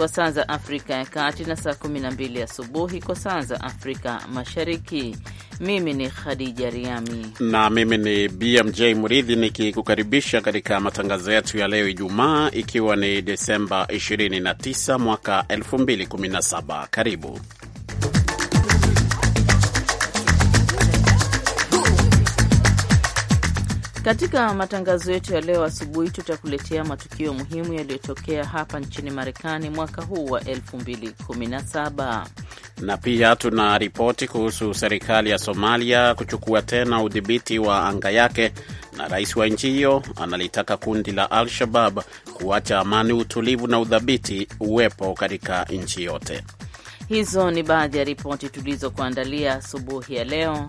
kwa saa za Afrika ya Kati na saa 12 asubuhi kwa saa za Afrika Mashariki. Mimi ni Khadija Riami na mimi ni BMJ Muridhi nikikukaribisha katika matangazo yetu ya leo Ijumaa, ikiwa ni Desemba 29 mwaka 2017. Karibu Katika matangazo yetu ya leo asubuhi, tutakuletea matukio muhimu yaliyotokea hapa nchini Marekani mwaka huu wa 2017 na pia tuna ripoti kuhusu serikali ya Somalia kuchukua tena udhibiti wa anga yake, na rais wa nchi hiyo analitaka kundi la Al-Shabab kuacha amani, utulivu na udhabiti uwepo katika nchi yote. Hizo ni baadhi ya ripoti tulizokuandalia asubuhi ya leo.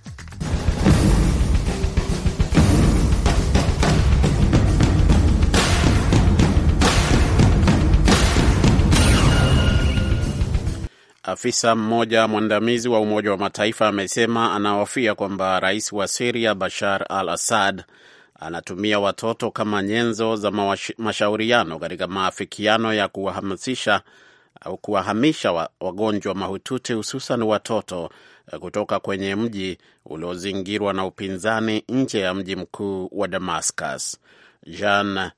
Afisa mmoja mwandamizi wa Umoja wa Mataifa amesema anahofia kwamba rais wa Siria Bashar al Assad anatumia watoto kama nyenzo za mashauriano katika maafikiano ya kuwahamasisha au kuwahamisha wagonjwa mahututi hususan watoto kutoka kwenye mji uliozingirwa na upinzani nje ya mji mkuu wa Damascus. jean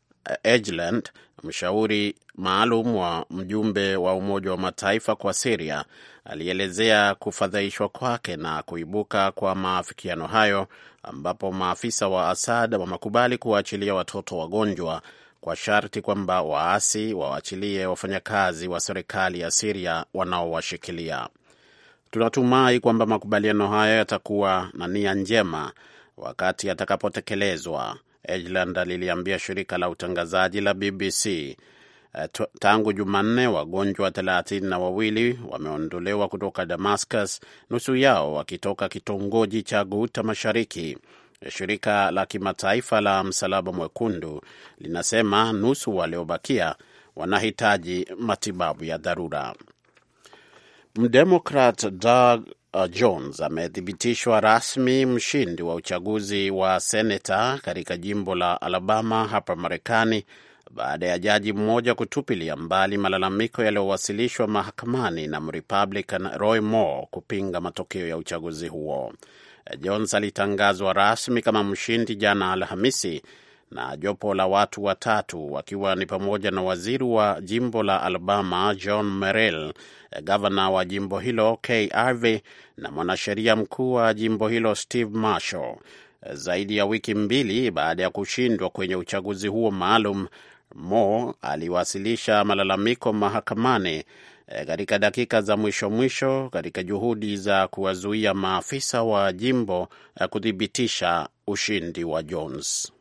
Egeland Mshauri maalum wa mjumbe wa Umoja wa Mataifa kwa Siria alielezea kufadhaishwa kwake na kuibuka kwa maafikiano hayo, ambapo maafisa wa Asad wamekubali kuwaachilia watoto wagonjwa kwa sharti kwamba waasi wawaachilie wafanyakazi wa serikali ya Siria wanaowashikilia. Tunatumai kwamba makubaliano hayo yatakuwa na nia njema wakati yatakapotekelezwa, Egeland aliliambia shirika la utangazaji la BBC. Eh, tangu Jumanne, wagonjwa thelathini na wawili wameondolewa kutoka Damascus, nusu yao wakitoka kitongoji cha Guta Mashariki. Shirika la kimataifa la Msalaba Mwekundu linasema nusu waliobakia wanahitaji matibabu ya dharura. Mdemokrat Doug Uh, Jones amethibitishwa rasmi mshindi wa uchaguzi wa seneta katika jimbo la Alabama hapa Marekani baada ya jaji mmoja kutupilia mbali malalamiko yaliyowasilishwa mahakamani na Mrepublican Roy Moore kupinga matokeo ya uchaguzi huo. Jones alitangazwa rasmi kama mshindi jana Alhamisi na jopo la watu watatu wakiwa ni pamoja na waziri wa jimbo la Alabama John Merrill, gavana wa jimbo hilo Kay Ivey na mwanasheria mkuu wa jimbo hilo Steve Marshall. Zaidi ya wiki mbili baada ya kushindwa kwenye uchaguzi huo maalum, Moore aliwasilisha malalamiko mahakamani eh, katika dakika za mwisho mwisho katika juhudi za kuwazuia maafisa wa jimbo eh, kuthibitisha ushindi wa Jones.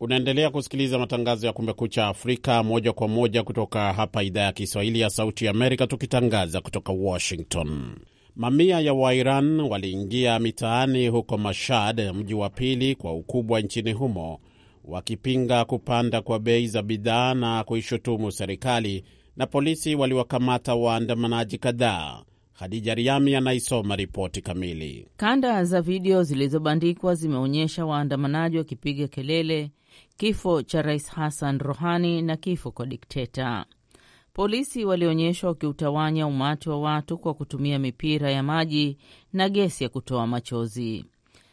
Unaendelea kusikiliza matangazo ya Kumekucha Afrika moja kwa moja kutoka hapa idhaa ya Kiswahili ya Sauti ya Amerika, tukitangaza kutoka Washington. Mamia ya Wairan waliingia mitaani huko Mashhad, mji wa pili kwa ukubwa nchini humo, wakipinga kupanda kwa bei za bidhaa na kuishutumu serikali, na polisi waliwakamata waandamanaji kadhaa. Hadija Riami anaisoma ripoti kamili. Kanda za video zilizobandikwa zimeonyesha waandamanaji wakipiga kelele kifo cha Rais Hassan Rohani na kifo kwa dikteta. Polisi walionyeshwa wakiutawanya umati wa watu kwa kutumia mipira ya maji na gesi ya kutoa machozi.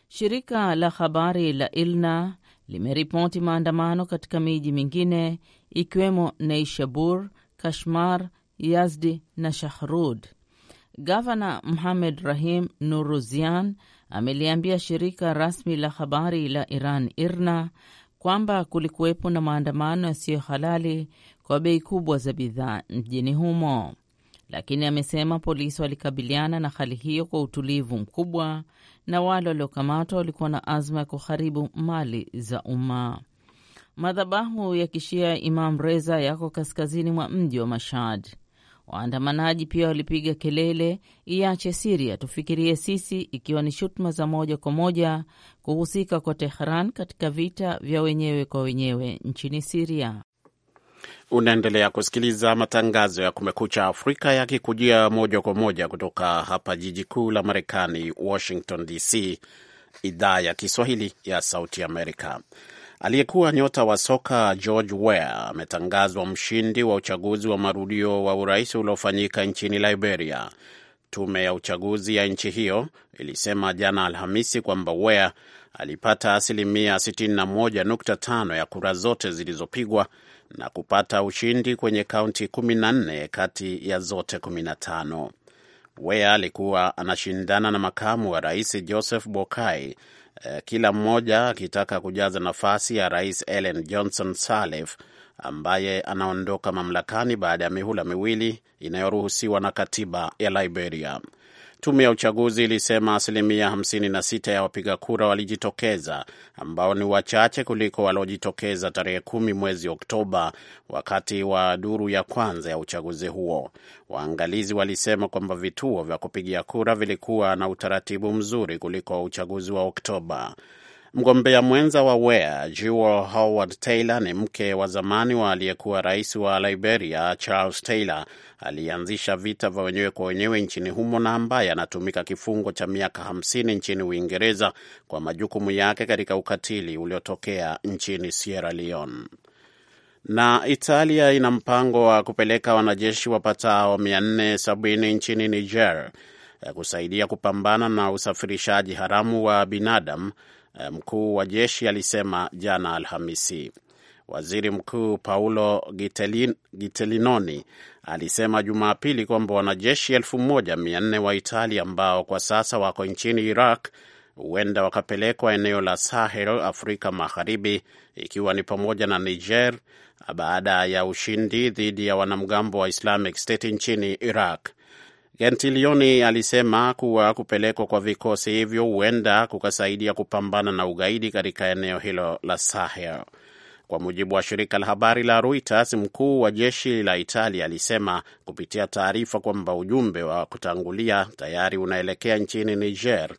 Shirika la habari la ILNA limeripoti maandamano katika miji mingine ikiwemo Neishabur, Kashmar, Yazdi na Shahrud. Gavana Mohamed Rahim Nuruzian ameliambia shirika rasmi la habari la Iran IRNA kwamba kulikuwepo na maandamano yasiyo halali kwa bei kubwa za bidhaa mjini humo, lakini amesema polisi walikabiliana na hali hiyo kwa utulivu mkubwa na wale waliokamatwa walikuwa na azma ya kuharibu mali za umma. Madhabahu ya kishia Imam Reza yako kaskazini mwa mji wa Mashad. Waandamanaji pia walipiga kelele, iache Siria tufikirie sisi, ikiwa ni shutuma za moja kwa moja kuhusika kwa Tehran katika vita vya wenyewe kwa wenyewe nchini Siria. Unaendelea kusikiliza matangazo ya Kumekucha Afrika yakikujia moja kwa moja kutoka hapa jiji kuu la Marekani, Washington DC, idhaa ya Kiswahili ya Sauti Amerika. Aliyekuwa nyota wa soka George Weah ametangazwa mshindi wa uchaguzi wa marudio wa urais uliofanyika nchini Liberia. Tume ya uchaguzi ya nchi hiyo ilisema jana Alhamisi kwamba Weah alipata asilimia 61.5 ya kura zote zilizopigwa na kupata ushindi kwenye kaunti 14 kati ya zote 15. Weah alikuwa anashindana na makamu wa rais Joseph bokai Eh, kila mmoja akitaka kujaza nafasi ya Rais Ellen Johnson Sirleaf ambaye anaondoka mamlakani baada ya mihula miwili inayoruhusiwa na katiba ya Liberia. Tume ya uchaguzi ilisema asilimia 56 ya wapiga kura walijitokeza, ambao ni wachache kuliko waliojitokeza tarehe kumi mwezi Oktoba, wakati wa duru ya kwanza ya uchaguzi huo. Waangalizi walisema kwamba vituo vya kupigia kura vilikuwa na utaratibu mzuri kuliko uchaguzi wa Oktoba. Mgombea mwenza wa Wea Jewel Howard Taylor ni mke wa zamani wa aliyekuwa rais wa Liberia Charles Taylor aliyeanzisha vita vya wenyewe kwa wenyewe nchini humo na ambaye anatumika kifungo cha miaka hamsini nchini Uingereza kwa majukumu yake katika ukatili uliotokea nchini Sierra Leone. Na Italia ina mpango wa kupeleka wanajeshi wapatao 470 nchini Niger eh, kusaidia kupambana na usafirishaji haramu wa binadamu Eh, mkuu wa jeshi alisema jana Alhamisi. Waziri Mkuu Paulo Gitelin, Gitelinoni alisema Jumapili kwamba wanajeshi elfu moja mia nne wa Italia ambao kwa sasa wako nchini Iraq huenda wakapelekwa eneo la Sahel, Afrika Magharibi, ikiwa ni pamoja na Niger baada ya ushindi dhidi ya wanamgambo wa Islamic State nchini Iraq. Gentilioni alisema kuwa kupelekwa kwa vikosi hivyo huenda kukasaidia kupambana na ugaidi katika eneo hilo la Sahel. Kwa mujibu wa shirika la habari la Reuters, mkuu wa jeshi la Italia alisema kupitia taarifa kwamba ujumbe wa kutangulia tayari unaelekea nchini Niger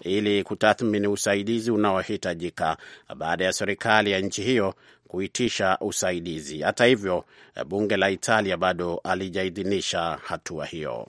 ili kutathmini usaidizi unaohitajika baada ya serikali ya nchi hiyo kuitisha usaidizi. Hata hivyo, bunge la Italia bado halijaidhinisha hatua hiyo.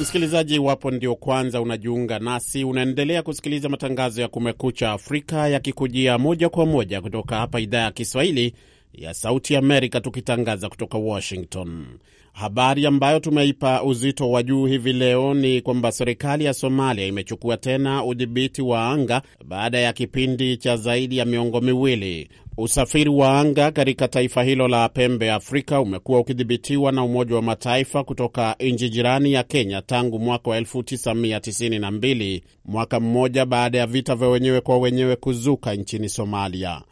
Msikilizaji, iwapo ndio kwanza unajiunga nasi, unaendelea kusikiliza matangazo ya Kumekucha Afrika yakikujia moja kwa moja kutoka hapa idhaa ya Kiswahili ya Sauti Amerika, tukitangaza kutoka Washington. Habari ambayo tumeipa uzito wa juu hivi leo ni kwamba serikali ya Somalia imechukua tena udhibiti wa anga baada ya kipindi cha zaidi ya miongo miwili. Usafiri wa anga katika taifa hilo la pembe Afrika umekuwa ukidhibitiwa na Umoja wa Mataifa kutoka nchi jirani ya Kenya tangu mwaka wa 1992, mwaka mmoja baada ya vita vya wenyewe kwa wenyewe kuzuka nchini Somalia.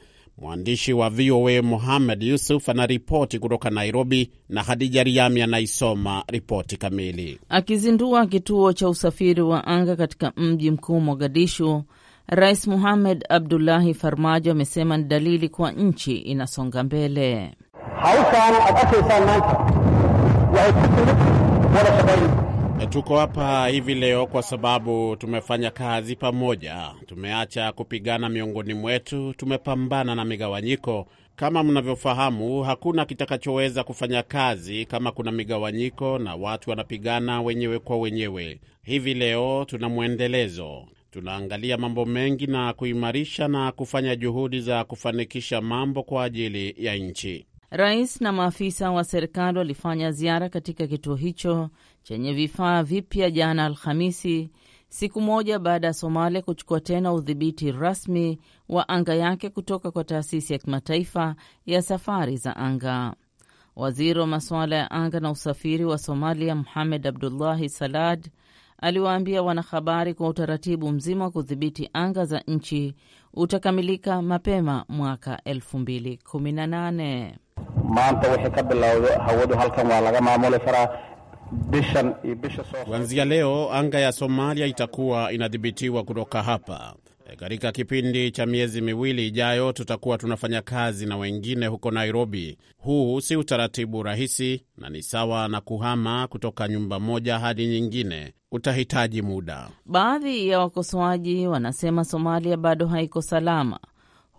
Mwandishi wa VOA muhamed Yusuf anaripoti kutoka Nairobi na Hadija Riami anaisoma ripoti kamili. Akizindua kituo cha usafiri wa anga katika mji mkuu Mogadishu, Rais Muhamed Abdullahi Farmajo amesema ni dalili kuwa nchi inasonga mbele. E, tuko hapa hivi leo kwa sababu tumefanya kazi pamoja, tumeacha kupigana miongoni mwetu, tumepambana na migawanyiko. Kama mnavyofahamu, hakuna kitakachoweza kufanya kazi kama kuna migawanyiko na watu wanapigana wenyewe kwa wenyewe. Hivi leo tuna mwendelezo, tunaangalia mambo mengi na kuimarisha na kufanya juhudi za kufanikisha mambo kwa ajili ya nchi. Rais na maafisa wa serikali walifanya ziara katika kituo hicho chenye vifaa vipya jana Alhamisi, siku moja baada ya Somalia kuchukua tena udhibiti rasmi wa anga yake kutoka kwa taasisi ya kimataifa ya safari za anga. Waziri wa masuala ya anga na usafiri wa Somalia, Muhamed Abdullahi Salad, aliwaambia wanahabari kwa utaratibu mzima wa kudhibiti anga za nchi utakamilika mapema mwaka 2018 maanta wixii ka bilowda hawadu halkan waa laga maamuli karaa bishan iyo bisha soo kuanzia leo anga ya Somalia itakuwa inadhibitiwa kutoka hapa. E, katika kipindi cha miezi miwili ijayo, tutakuwa tunafanya kazi na wengine huko Nairobi. Huu si utaratibu rahisi, na ni sawa na kuhama kutoka nyumba moja hadi nyingine, utahitaji muda. Baadhi ya wakosoaji wanasema Somalia bado haiko salama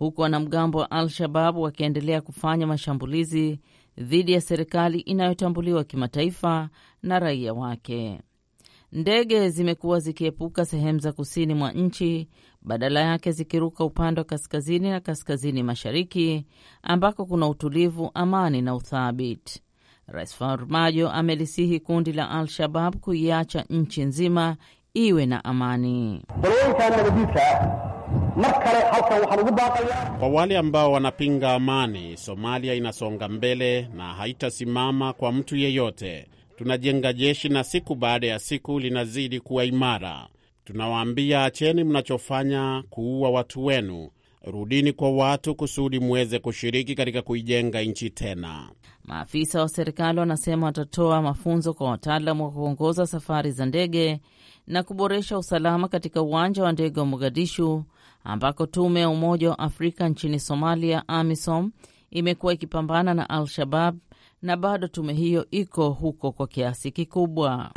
huku wanamgambo wa Al-Shabab wakiendelea kufanya mashambulizi dhidi ya serikali inayotambuliwa kimataifa na raia wake. Ndege zimekuwa zikiepuka sehemu za kusini mwa nchi, badala yake zikiruka upande wa kaskazini na kaskazini mashariki ambako kuna utulivu, amani na uthabiti. Rais Farmajo amelisihi kundi la Al-Shabab kuiacha nchi nzima iwe na amani. Kwa wale ambao wanapinga amani, Somalia inasonga mbele na haitasimama kwa mtu yeyote. Tunajenga jeshi na siku baada ya siku linazidi kuwa imara. Tunawaambia, acheni mnachofanya kuua watu wenu, rudini kwa watu kusudi mweze kushiriki katika kuijenga nchi tena. Maafisa wa serikali wanasema watatoa mafunzo kwa wataalamu wa kuongoza safari za ndege na kuboresha usalama katika uwanja wa ndege wa Mogadishu ambako tume ya Umoja wa Afrika nchini Somalia, AMISOM, imekuwa ikipambana na Al-Shabab na bado tume hiyo iko huko kwa kiasi kikubwa.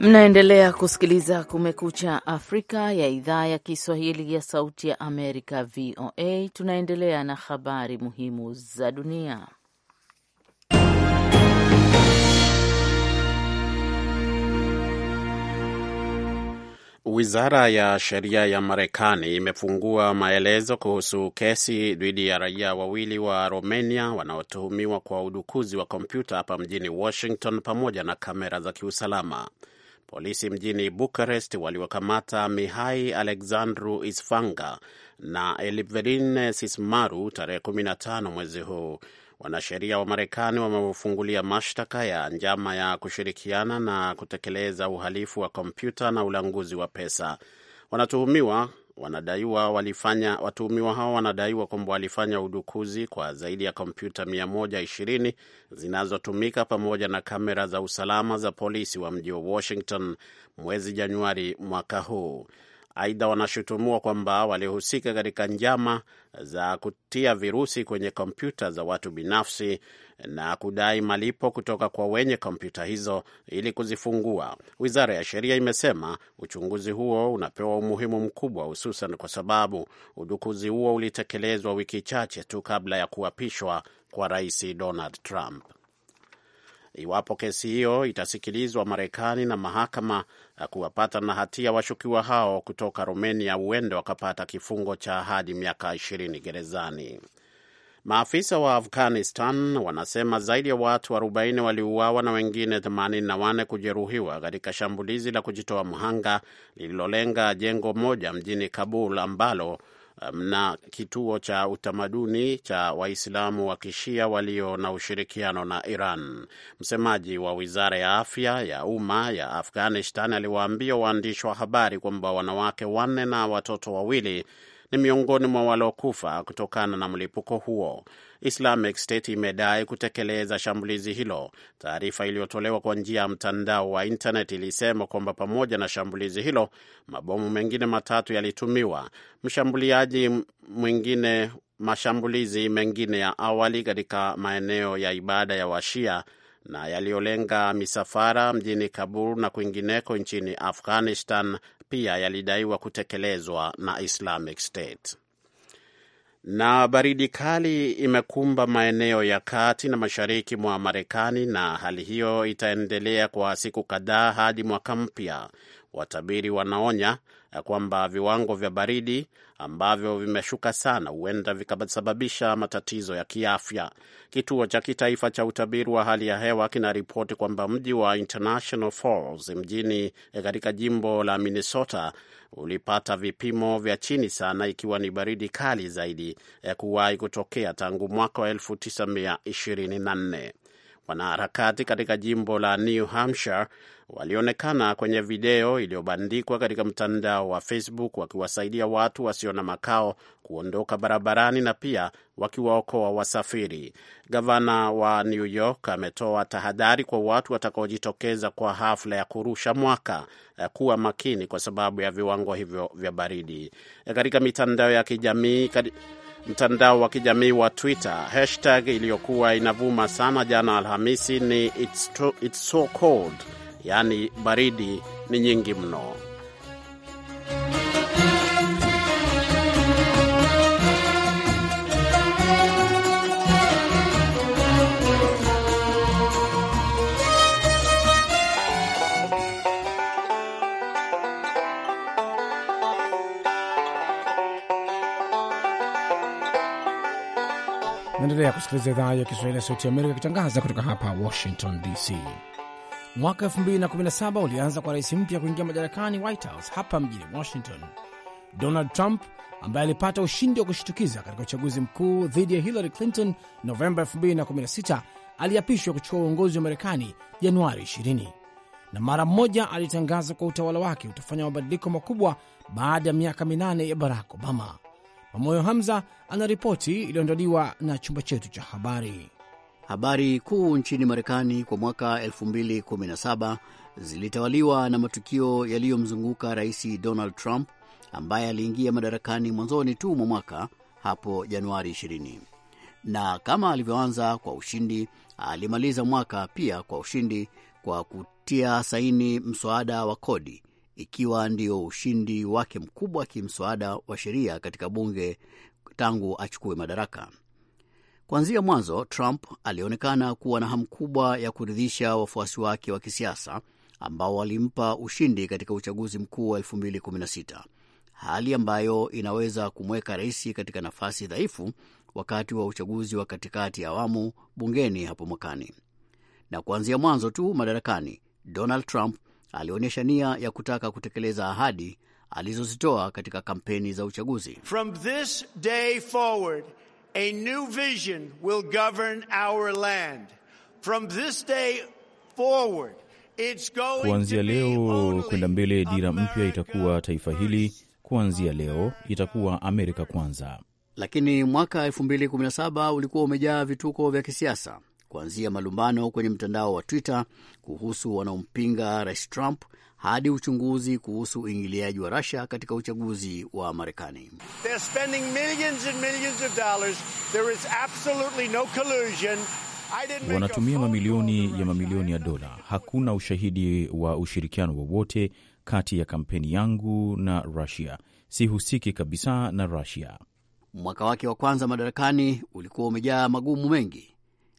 Mnaendelea kusikiliza Kumekucha Afrika ya idhaa ya Kiswahili ya Sauti ya Amerika, VOA. Tunaendelea na habari muhimu za dunia. Wizara ya sheria ya Marekani imefungua maelezo kuhusu kesi dhidi ya raia wawili wa Romania wanaotuhumiwa kwa udukuzi wa kompyuta hapa mjini Washington, pamoja na kamera za kiusalama. Polisi mjini Bucharest waliwakamata Mihai Alexandru Isfanga na Eliverine Sismaru tarehe 15 mwezi huu. Wanasheria wa Marekani wamefungulia mashtaka ya njama ya kushirikiana na kutekeleza uhalifu wa kompyuta na ulanguzi wa pesa. Wanatuhumiwa wanadaiwa walifanya watuhumiwa hao wanadaiwa kwamba walifanya udukuzi kwa zaidi ya kompyuta 120 zinazotumika pamoja na kamera za usalama za polisi wa mji wa Washington mwezi Januari mwaka huu. Aidha, wanashutumiwa kwamba walihusika katika njama za kutia virusi kwenye kompyuta za watu binafsi na kudai malipo kutoka kwa wenye kompyuta hizo ili kuzifungua. Wizara ya Sheria imesema uchunguzi huo unapewa umuhimu mkubwa, hususan kwa sababu udukuzi huo ulitekelezwa wiki chache tu kabla ya kuapishwa kwa Rais Donald Trump. Iwapo kesi hiyo itasikilizwa Marekani na mahakama kuwapata na hatia washukiwa hao kutoka Romania huenda wakapata kifungo cha hadi miaka ishirini gerezani. Maafisa wa Afghanistan wanasema zaidi ya watu arobaini waliuawa na wengine 84 kujeruhiwa katika shambulizi la kujitoa mhanga lililolenga jengo moja mjini Kabul ambalo Um, na kituo cha utamaduni cha Waislamu wa kishia walio na ushirikiano na Iran. Msemaji wa wizara ya afya ya umma ya Afghanistan aliwaambia waandishi wa habari kwamba wanawake wanne na watoto wawili ni miongoni mwa waliokufa kutokana na mlipuko huo. Islamic State imedai kutekeleza shambulizi hilo. Taarifa iliyotolewa kwa njia ya mtandao wa internet ilisema kwamba pamoja na shambulizi hilo, mabomu mengine matatu yalitumiwa. Mshambuliaji mwingine mashambulizi mengine ya awali katika maeneo ya ibada ya Washia na yaliyolenga misafara mjini Kabul na kwingineko nchini Afghanistan pia yalidaiwa kutekelezwa na Islamic State. Na baridi kali imekumba maeneo ya kati na mashariki mwa Marekani, na hali hiyo itaendelea kwa siku kadhaa hadi mwaka mpya, watabiri wanaonya kwamba viwango vya baridi ambavyo vimeshuka sana huenda vikasababisha matatizo ya kiafya. Kituo cha kitaifa cha utabiri wa hali ya hewa kinaripoti kwamba mji wa International Falls mjini eh, katika jimbo la Minnesota ulipata vipimo vya chini sana, ikiwa ni baridi kali zaidi ya eh, kuwahi kutokea tangu mwaka wa 1924. Wanaharakati katika jimbo la New Hampshire walionekana kwenye video iliyobandikwa katika mtandao wa Facebook wakiwasaidia watu wasio na makao kuondoka barabarani na pia wakiwaokoa wasafiri. Gavana wa New York ametoa tahadhari kwa watu watakaojitokeza kwa hafla ya kurusha mwaka eh, kuwa makini kwa sababu ya viwango hivyo vya baridi eh, katika mitandao ya kijamii kad... Mtandao wa kijamii wa Twitter, hashtag iliyokuwa inavuma sana jana Alhamisi ni it's, it's so cold yaani baridi ni nyingi mno. Naendelea kusikiliza idhaa ya Kiswahili ya Sauti ya Amerika ikitangaza kutoka hapa Washington DC. Mwaka 2017 ulianza kwa rais mpya kuingia madarakani White House hapa mjini Washington. Donald Trump ambaye alipata ushindi wa kushitukiza katika uchaguzi mkuu dhidi ya Hillary Clinton Novemba 2016 aliapishwa kuchukua uongozi wa Marekani Januari 20 na mara mmoja alitangaza kwa utawala wake utafanya mabadiliko makubwa baada ya miaka minane ya Barack Obama. Mamoyo Hamza ana ripoti iliyoandaliwa na chumba chetu cha habari. Habari kuu nchini Marekani kwa mwaka 2017 zilitawaliwa na matukio yaliyomzunguka Rais Donald Trump ambaye aliingia madarakani mwanzoni tu mwa mwaka hapo Januari 20 na kama alivyoanza kwa ushindi, alimaliza mwaka pia kwa ushindi kwa kutia saini mswada wa kodi, ikiwa ndio ushindi wake mkubwa kimswada wa sheria katika bunge tangu achukue madaraka. Kuanzia mwanzo, Trump alionekana kuwa na hamu kubwa ya kuridhisha wafuasi wake wa kisiasa ambao walimpa ushindi katika uchaguzi mkuu wa 2016, hali ambayo inaweza kumweka rais katika nafasi dhaifu wakati wa uchaguzi wa katikati ya awamu bungeni hapo mwakani. Na kuanzia mwanzo tu madarakani, Donald Trump alionyesha nia ya kutaka kutekeleza ahadi alizozitoa katika kampeni za uchaguzi. From this day forward, A new vision will govern our land. From this day forward, it's going kuanzia leo kwenda mbele, dira mpya itakuwa taifa hili, kuanzia leo itakuwa Amerika kwanza. Lakini mwaka 2017 ulikuwa umejaa vituko vya kisiasa kuanzia malumbano kwenye mtandao wa Twitter kuhusu wanaompinga rais Trump hadi uchunguzi kuhusu uingiliaji wa Russia katika uchaguzi wa Marekani. Wanatumia mamilioni ya mamilioni ya dola. Hakuna ushahidi wa ushirikiano wowote kati ya kampeni yangu na Russia. Sihusiki kabisa na Russia. Mwaka wake wa kwanza madarakani ulikuwa umejaa magumu mengi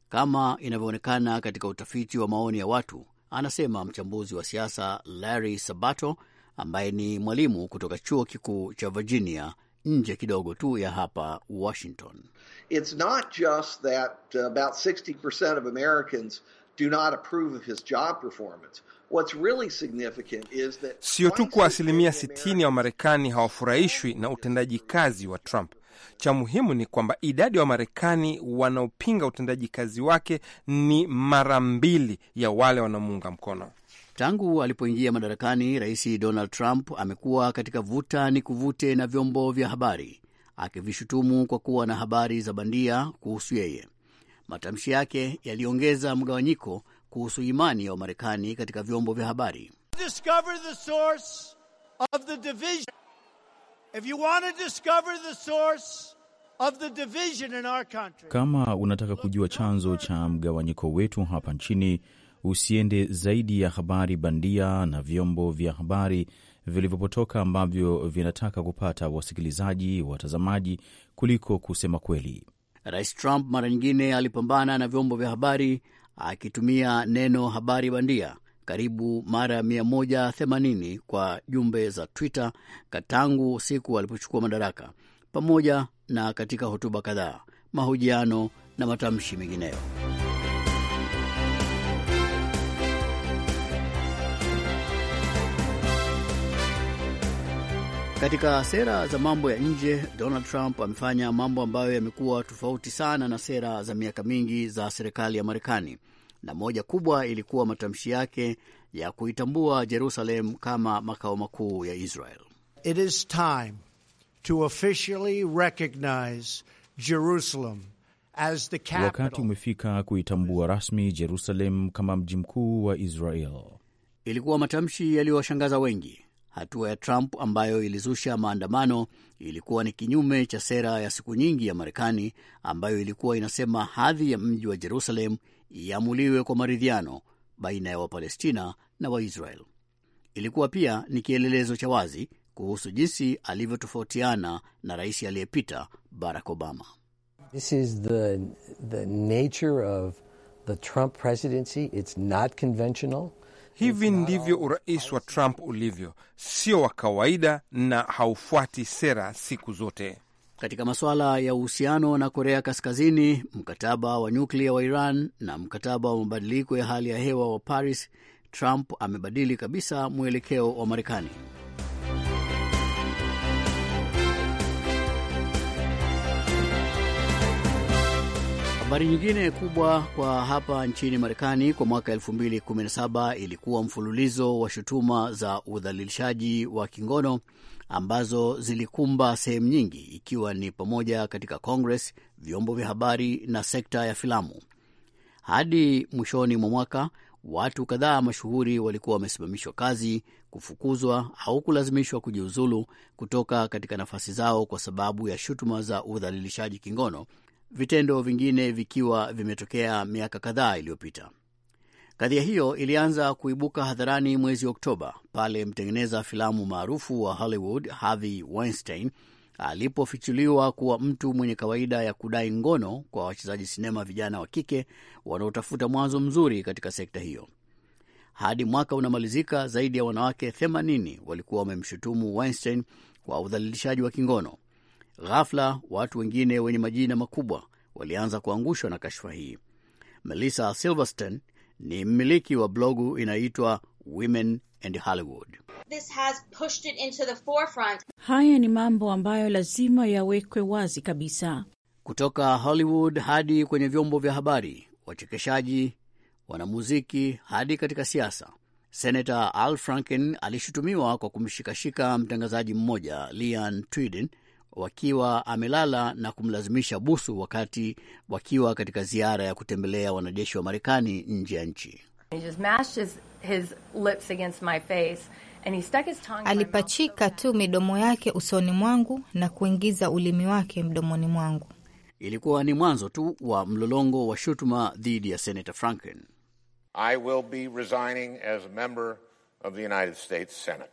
kama inavyoonekana katika utafiti wa maoni ya watu, anasema mchambuzi wa siasa Larry Sabato ambaye ni mwalimu kutoka chuo kikuu cha Virginia nje kidogo tu ya hapa Washington. It's not just that uh, about 60% of Americans do not approve of his job performance. What's really significant is that sio tu kuwa asilimia 60 ya Wamarekani hawafurahishwi na utendaji kazi wa Trump, cha muhimu ni kwamba idadi ya Wamarekani wanaopinga utendaji kazi wake ni mara mbili ya wale wanaomuunga mkono. Tangu alipoingia madarakani, Rais Donald Trump amekuwa katika vuta ni kuvute na vyombo vya habari, akivishutumu kwa kuwa na habari za bandia kuhusu yeye. Matamshi yake yaliongeza mgawanyiko kuhusu imani ya Wamarekani katika vyombo vya habari. If you want to discover the source of the division in our country, kama unataka kujua chanzo cha mgawanyiko wetu hapa nchini, usiende zaidi ya habari bandia na vyombo vya habari vilivyopotoka ambavyo vinataka kupata wasikilizaji, watazamaji kuliko kusema kweli. Rais Trump mara nyingine alipambana na vyombo vya habari akitumia neno habari bandia karibu mara 180 kwa jumbe za Twitter katangu siku alipochukua madaraka, pamoja na katika hotuba kadhaa, mahojiano na matamshi mengineyo. Katika sera za mambo ya nje, Donald Trump amefanya mambo ambayo yamekuwa tofauti sana na sera za miaka mingi za serikali ya Marekani na moja kubwa ilikuwa matamshi yake ya kuitambua Jerusalem kama makao makuu ya Israel. It is time to officially recognize Jerusalem as the capital. Wakati umefika kuitambua rasmi Jerusalem kama mji mkuu wa Israel. Ilikuwa matamshi yaliyowashangaza wengi hatua ya Trump ambayo ilizusha maandamano ilikuwa ni kinyume cha sera ya siku nyingi ya Marekani ambayo ilikuwa inasema hadhi ya mji wa Jerusalem iamuliwe kwa maridhiano baina ya Wapalestina na Waisrael. Ilikuwa pia ni kielelezo cha wazi kuhusu jinsi alivyotofautiana na rais aliyepita Barack Obama. This is the, the nature of the Trump presidency. It's not conventional. Hivi ndivyo urais wa Trump ulivyo, sio wa kawaida na haufuati sera siku zote. Katika masuala ya uhusiano na Korea Kaskazini, mkataba wa nyuklia wa Iran na mkataba wa mabadiliko ya hali ya hewa wa Paris, Trump amebadili kabisa mwelekeo wa Marekani. Habari nyingine kubwa kwa hapa nchini Marekani kwa mwaka 2017 ilikuwa mfululizo wa shutuma za udhalilishaji wa kingono ambazo zilikumba sehemu nyingi, ikiwa ni pamoja katika Congress, vyombo vya habari na sekta ya filamu. Hadi mwishoni mwa mwaka, watu kadhaa mashuhuri walikuwa wamesimamishwa kazi, kufukuzwa au kulazimishwa kujiuzulu kutoka katika nafasi zao kwa sababu ya shutuma za udhalilishaji kingono vitendo vingine vikiwa vimetokea miaka kadhaa iliyopita. Kadhia hiyo ilianza kuibuka hadharani mwezi Oktoba pale mtengeneza filamu maarufu wa Hollywood Harvey Weinstein alipofichuliwa kuwa mtu mwenye kawaida ya kudai ngono kwa wachezaji sinema vijana wa kike wanaotafuta mwanzo mzuri katika sekta hiyo. Hadi mwaka unamalizika, zaidi ya wanawake 80 walikuwa wamemshutumu Weinstein kwa udhalilishaji wa kingono. Ghafla watu wengine wenye majina makubwa walianza kuangushwa na kashfa hii. Melissa Silverston ni mmiliki wa blogu inayoitwa Women and Hollywood. This has pushed it into the forefront. Haya ni mambo ambayo lazima yawekwe wazi kabisa, kutoka Hollywood hadi kwenye vyombo vya habari, wachekeshaji, wanamuziki, hadi katika siasa. Senata Al Franken alishutumiwa kwa kumshikashika mtangazaji mmoja Lian Tweeden wakiwa amelala na kumlazimisha busu wakati wakiwa katika ziara ya kutembelea wanajeshi wa Marekani nje ya nchi. Alipachika tu midomo yake usoni mwangu na kuingiza ulimi wake mdomoni mwangu. Ilikuwa ni mwanzo tu wa mlolongo wa shutuma dhidi ya Senator Franklin. I will be resigning as a member of the United States Senate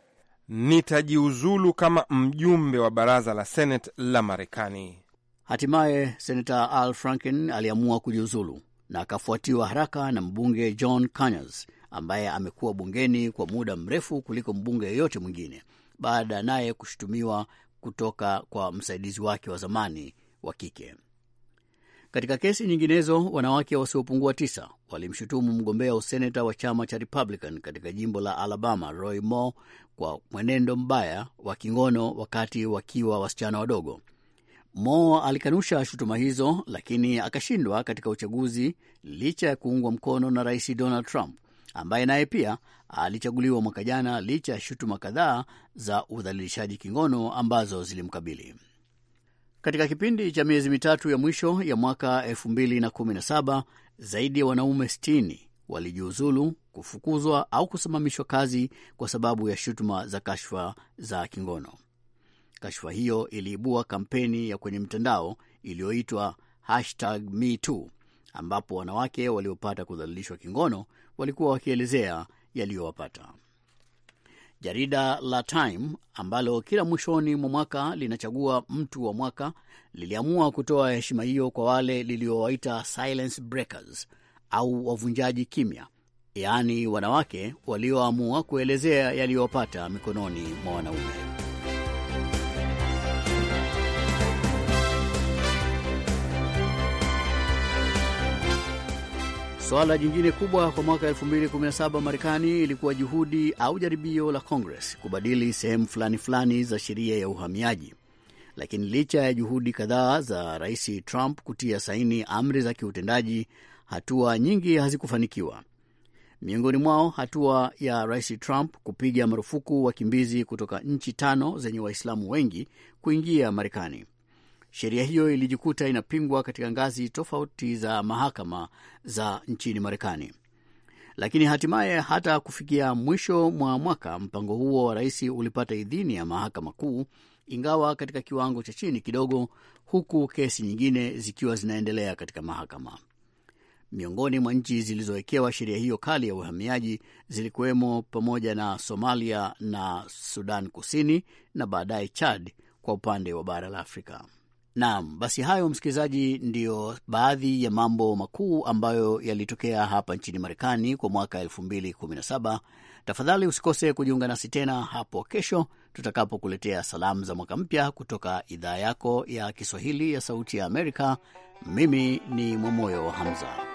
nitajiuzulu kama mjumbe wa baraza la Senate la Marekani. Hatimaye senata Al Franken aliamua kujiuzulu na akafuatiwa haraka na mbunge John Conyers ambaye amekuwa bungeni kwa muda mrefu kuliko mbunge yeyote mwingine, baada ya naye kushutumiwa kutoka kwa msaidizi wake wa zamani wa kike. Katika kesi nyinginezo, wanawake wasiopungua tisa walimshutumu mgombea useneta wa chama cha Republican katika jimbo la Alabama, Roy Moore, kwa mwenendo mbaya wa kingono wakati wakiwa wasichana wadogo. Moore alikanusha shutuma hizo, lakini akashindwa katika uchaguzi licha ya kuungwa mkono na Rais Donald Trump ambaye naye pia alichaguliwa mwaka jana licha ya shutuma kadhaa za udhalilishaji kingono ambazo zilimkabili. Katika kipindi cha miezi mitatu ya mwisho ya mwaka 2017 zaidi ya wanaume 60 walijiuzulu, kufukuzwa au kusimamishwa kazi kwa sababu ya shutuma za kashfa za kingono. Kashfa hiyo iliibua kampeni ya kwenye mtandao iliyoitwa hashtag me too, ambapo wanawake waliopata kudhalilishwa kingono walikuwa wakielezea yaliyowapata. Jarida la Time ambalo kila mwishoni mwa mwaka linachagua mtu wa mwaka liliamua kutoa heshima hiyo kwa wale liliowaita silence breakers au wavunjaji kimya, yaani wanawake walioamua kuelezea yaliyowapata mikononi mwa wanaume. Suala jingine kubwa kwa mwaka 2017 Marekani ilikuwa juhudi au jaribio la Congress kubadili sehemu fulani fulani za sheria ya uhamiaji. Lakini licha ya juhudi kadhaa za Rais Trump kutia saini amri za kiutendaji, hatua nyingi hazikufanikiwa. Miongoni mwao hatua ya Rais Trump kupiga marufuku wakimbizi kutoka nchi tano zenye Waislamu wengi kuingia Marekani. Sheria hiyo ilijikuta inapingwa katika ngazi tofauti za mahakama za nchini Marekani, lakini hatimaye, hata kufikia mwisho mwa mwaka, mpango huo wa rais ulipata idhini ya mahakama kuu, ingawa katika kiwango cha chini kidogo, huku kesi nyingine zikiwa zinaendelea katika mahakama. Miongoni mwa nchi zilizowekewa sheria hiyo kali ya uhamiaji zilikuwemo pamoja na Somalia na Sudan Kusini na baadaye Chad kwa upande wa bara la Afrika. Naam, basi hayo msikilizaji, ndiyo baadhi ya mambo makuu ambayo yalitokea hapa nchini Marekani kwa mwaka 217 Tafadhali usikose kujiunga nasi tena hapo kesho tutakapokuletea salamu za mwaka mpya kutoka idhaa yako ya Kiswahili ya Sauti ya Amerika. Mimi ni Mwamoyo Hamza.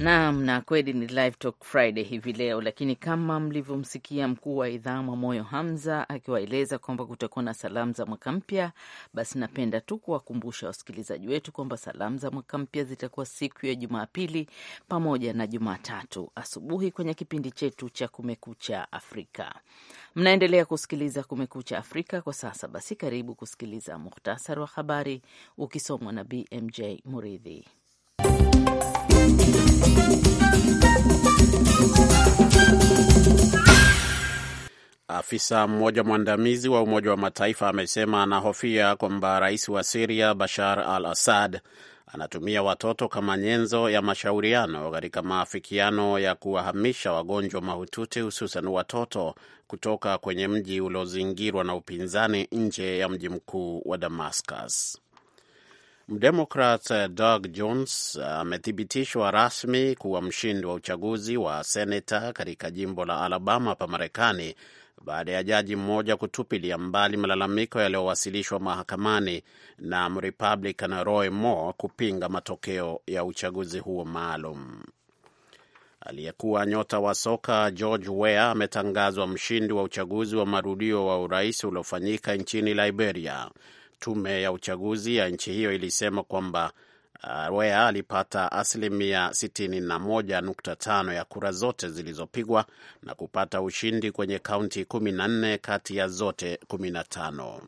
Naam, na kweli ni Live Talk Friday hivi leo, lakini kama mlivyomsikia mkuu wa idhaa Mwamoyo Hamza akiwaeleza kwamba kutakuwa na salamu za mwaka mpya, basi napenda tu kuwakumbusha wasikilizaji wetu kwamba salamu za mwaka mpya zitakuwa siku ya Jumapili pamoja na Jumatatu asubuhi kwenye kipindi chetu cha Kumekucha Afrika. Mnaendelea kusikiliza Kumekucha Afrika kwa sasa, basi karibu kusikiliza muhtasari wa habari ukisomwa na BMJ Muridhi. Afisa mmoja mwandamizi wa Umoja wa Mataifa amesema anahofia kwamba rais wa Siria Bashar al Assad anatumia watoto kama nyenzo ya mashauriano katika maafikiano ya kuwahamisha wagonjwa mahututi hususan watoto kutoka kwenye mji uliozingirwa na upinzani nje ya mji mkuu wa Damascus. Mdemokrat eh, Doug Jones eh, amethibitishwa rasmi kuwa mshindi wa uchaguzi wa seneta katika jimbo la Alabama hapa Marekani baada ya jaji mmoja kutupilia mbali malalamiko yaliyowasilishwa mahakamani na Mrepublican Roy Moore kupinga matokeo ya uchaguzi huo maalum. Aliyekuwa nyota wa soka George Weah ametangazwa mshindi wa uchaguzi wa marudio wa urais uliofanyika nchini Liberia. Tume ya uchaguzi ya nchi hiyo ilisema kwamba uh, Weah alipata asilimia 61.5 ya kura zote zilizopigwa na kupata ushindi kwenye kaunti 14 kati ya zote 15.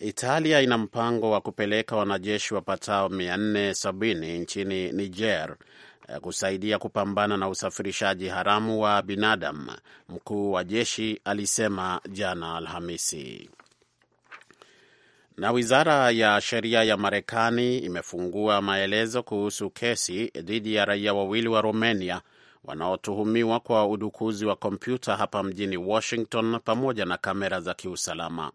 Italia ina mpango wa kupeleka wanajeshi wapatao 470 nchini Niger uh, kusaidia kupambana na usafirishaji haramu wa binadamu, mkuu wa jeshi alisema jana Alhamisi. Na wizara ya sheria ya Marekani imefungua maelezo kuhusu kesi dhidi ya raia wawili wa Romania wanaotuhumiwa kwa udukuzi wa kompyuta hapa mjini Washington, pamoja na kamera za kiusalama.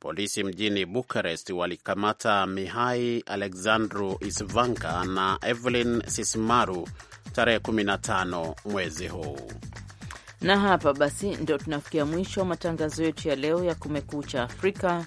Polisi mjini Bucharest walikamata Mihai Alexandru Isvanka na Evelyn Sismaru tarehe 15 mwezi huu. Na hapa basi ndio tunafikia mwisho wa matangazo yetu ya leo ya Kumekucha Afrika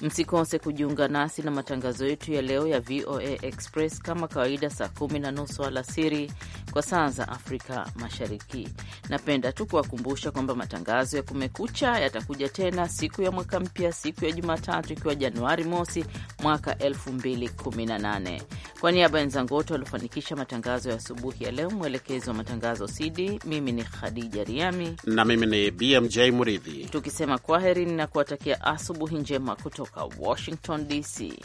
Msikose kujiunga nasi na matangazo yetu ya leo ya VOA Express kama kawaida, saa kumi na nusu alasiri kwa saa za Afrika Mashariki. Napenda tu kuwakumbusha kwamba matangazo ya Kumekucha yatakuja tena siku ya mwaka mpya, siku ya Jumatatu, ikiwa Januari mosi mwaka 2018. Kwa niaba ya wenzangu wote waliofanikisha matangazo ya asubuhi ya leo, mwelekezi wa matangazo CD, mimi ni Khadija Riami na mimi ni BMJ Muridhi, tukisema kwaheri na kuwatakia asubuhi njema kuto kutoka Washington DC.